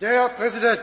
Der Herr Präsident!